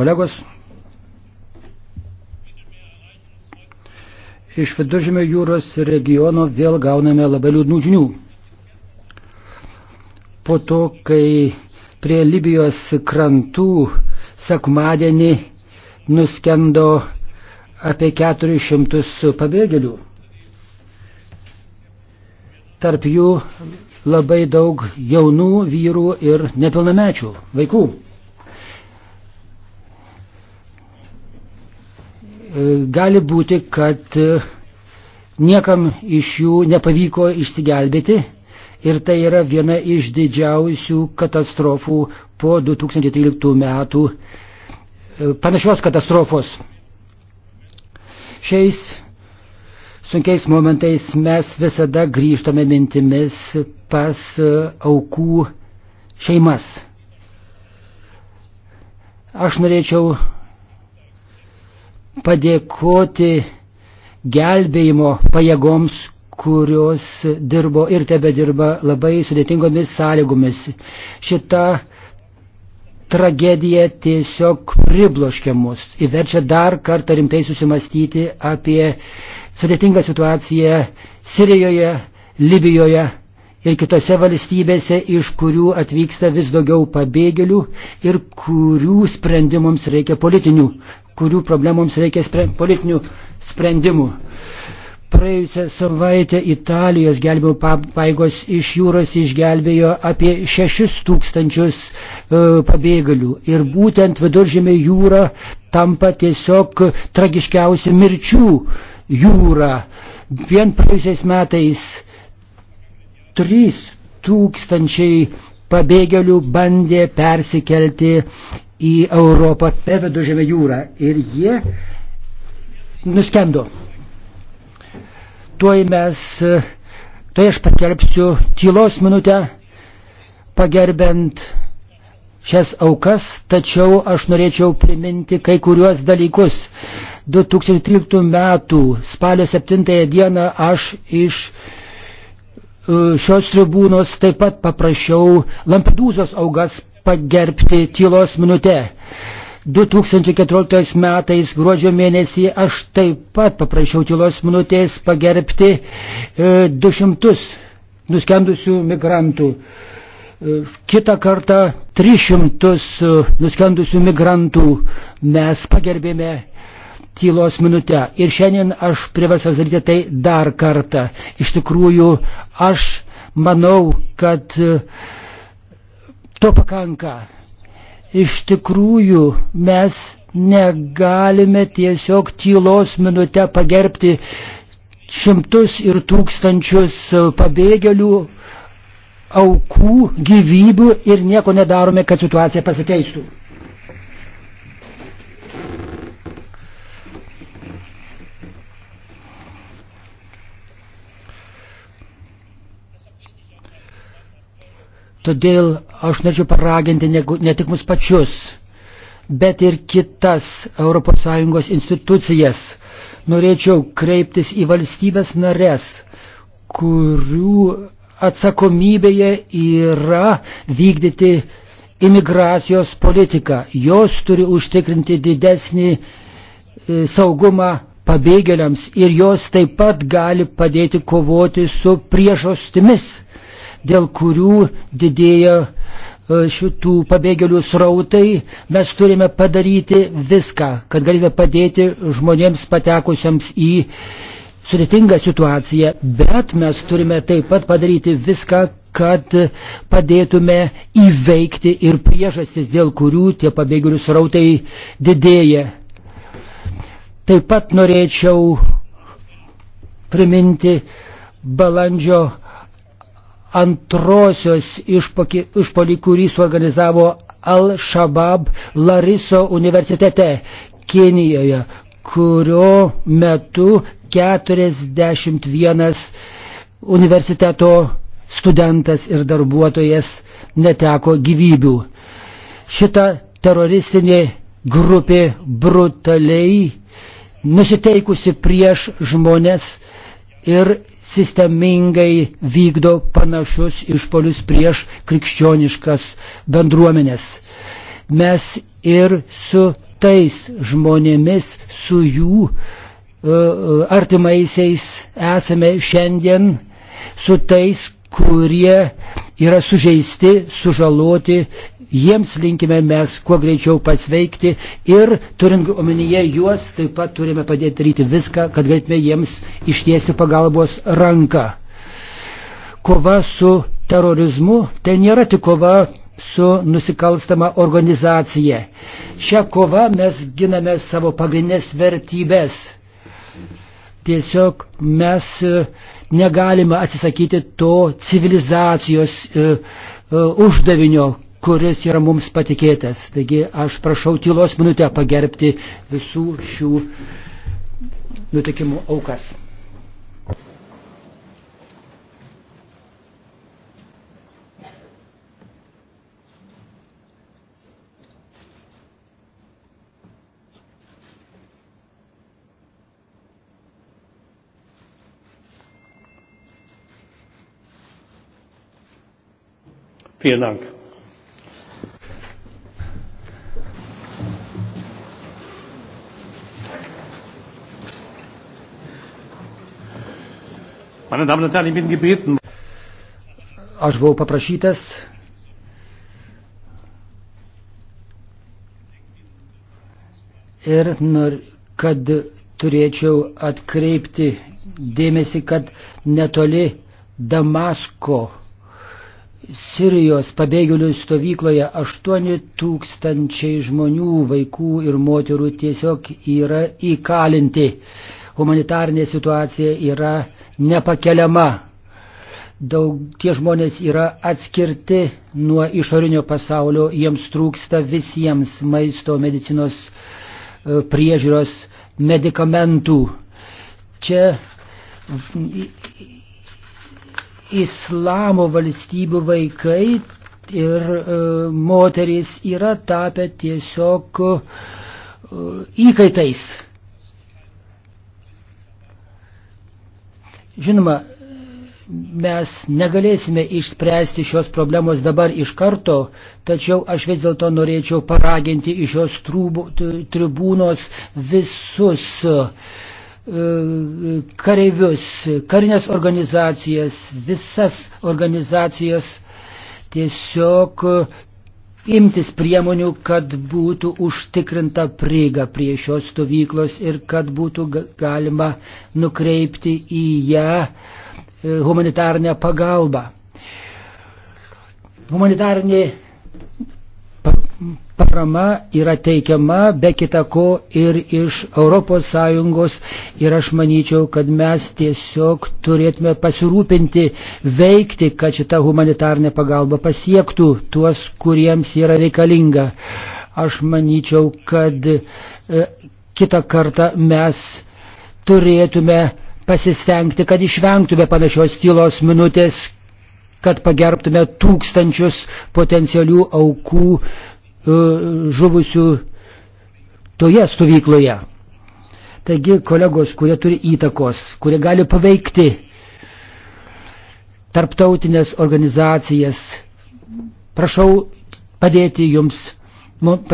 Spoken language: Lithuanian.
Kolegos, iš viduržėmio jūros regiono vėl gauname labai liūdnų žinių. Po to, kai prie Libijos krantų sekmadienį nuskendo apie 400 pabėgėlių. Tarp jų labai daug jaunų vyrų ir nepilnamečių vaikų. gali būti, kad e, niekam iš jų nepavyko išsigelbėti ir tai yra viena iš didžiausių katastrofų po 2013 metų e, panašios katastrofos. Šiais sunkiais momentais mes visada grįžtame mintimis pas e, aukų šeimas. Aš norėčiau padėkoti gelbėjimo pajėgoms, kurios dirbo ir tebe dirba labai sudėtingomis sąlygomis. Šita tragedija tiesiog pribloškia mus, įverčia dar kartą rimtai susimastyti apie sudėtingą situaciją Sirijoje, Libijoje ir kitose valstybėse, iš kurių atvyksta vis daugiau pabėgėlių ir kurių sprendimams reikia politinių, kurių problemams reikia spre, politinių sprendimų. Praėjusią savaitę Italijos gelbėjimo paėgos iš jūros išgelbėjo apie 6 tūkstančius e, pabėgalių. Ir būtent viduržėmė jūra tampa tiesiog tragiškiausia mirčių jūra. Vien praėjusiais metais 3 tūkstančiai pabėgėlių bandė persikelti į Europą per Vidužėmę jūrą ir jie nuskendo. Tuoj mes, tuoj aš paskelbsiu tylos minutę, pagerbent šias aukas, tačiau aš norėčiau priminti kai kuriuos dalykus. 2013 metų spalio 7 dieną aš iš E, šios tribūnos taip pat paprašiau Lampedūzos augas pagerbti tylos minute. 2014 metais gruodžio mėnesį aš taip pat paprašiau tylos minutės pagerbti 200 e, nuskendusių migrantų. E, Kita kartą 300 nuskendusių migrantų mes pagerbėme tylos minutę. Ir šiandien aš priversas daryti tai dar kartą. Iš tikrųjų, aš manau, kad e, to pakanka. Iš tikrųjų, mes negalime tiesiog tylos minutę pagerbti šimtus ir tūkstančius e, pabėgėlių, aukų, gyvybių ir nieko nedarome, kad situacija pasikeistų. Todėl aš norėčiau paraginti ne, ne tik mus pačius, bet ir kitas ES institucijas. Norėčiau kreiptis į valstybės narės, kurių atsakomybėje yra vykdyti imigracijos politiką. Jos turi užtikrinti didesnį e, saugumą pabėgėliams ir jos taip pat gali padėti kovoti su priešostimis dėl kurių didėja e, šitų pabėgėlių srautai, mes turime padaryti viską, kad galime padėti žmonėms patekusiems į sudėtingą situaciją, bet mes turime taip pat padaryti viską, kad padėtume įveikti ir priežastis, dėl kurių tie pabėgėlių srautai didėja. Taip pat norėčiau priminti balandžio antrosios išpolį, kurį suorganizavo Al-Shabaab Lariso universitete Kenijoje, kurio metu 41 universiteto studentas ir darbuotojas neteko gyvybių. Šita teroristinė grupė brutaliai nusiteikusi prieš žmonės ir sistemingai vykdo panašus išpolius prieš krikščioniškas bendruomenės. Mes ir su tais žmonėmis, su jų uh, artimaisiais esame šiandien, su tais, kurie yra sužeisti, sužaloti Jiems linkime mes kuo greičiau pasveikti ir turint omenyje juos taip pat turime padėti daryti viską, kad galėtume jiems ištiesti pagalbos ranką. Kova su terorizmu tai nėra tik kova su nusikalstama organizacija. Šią kovą mes giname savo pagrindinės vertybės. Tiesiog mes e, negalime atsisakyti to civilizacijos e, e, uždavinio, kuris yra mums patikėtas. Taigi aš prašau tylos minutę pagerbti visų šių nutikimų aukas. vielen dank! Aš buvau paprašytas ir nor, kad turėčiau atkreipti dėmesį, kad netoli Damasko Sirijos pabėgėlių stovykloje 8 tūkstančiai žmonių, vaikų ir moterų tiesiog yra įkalinti. Humanitarinė situacija yra nepakeliama. Daug tie žmonės yra atskirti nuo išorinio pasaulio, jiems trūksta visiems maisto, medicinos e, priežiūros, medikamentų. Čia islamo valstybių vaikai ir e, moterys yra tapę tiesiog e, įkaitais Žinoma, mes negalėsime išspręsti šios problemos dabar iš karto, tačiau aš vis dėlto norėčiau paraginti iš šios trūbų, tribūnos visus e, kareivius, karinės organizacijas, visas organizacijas tiesiog imtis priemonių, kad būtų užtikrinta prieiga prie šios stovyklos ir kad būtų galima nukreipti į ją e, humanitarnę pagalbą. Humanitarnė parama yra teikiama be kitako ir iš ES ir aš manyčiau, kad mes tiesiog turėtume pasirūpinti veikti, kad šita humanitarnė pagalba pasiektų tuos, kuriems yra reikalinga. Aš manyčiau, kad e, kitą kartą mes turėtume pasistengti, kad išvengtume panašios tylos minutės, kad pagerbtume tūkstančius potencialių aukų E, žuvusių toje stovykloje. Taigi kolegos, kurie turi įtakos, kurie gali paveikti tarptautinės organizacijas, prašau padėti jums.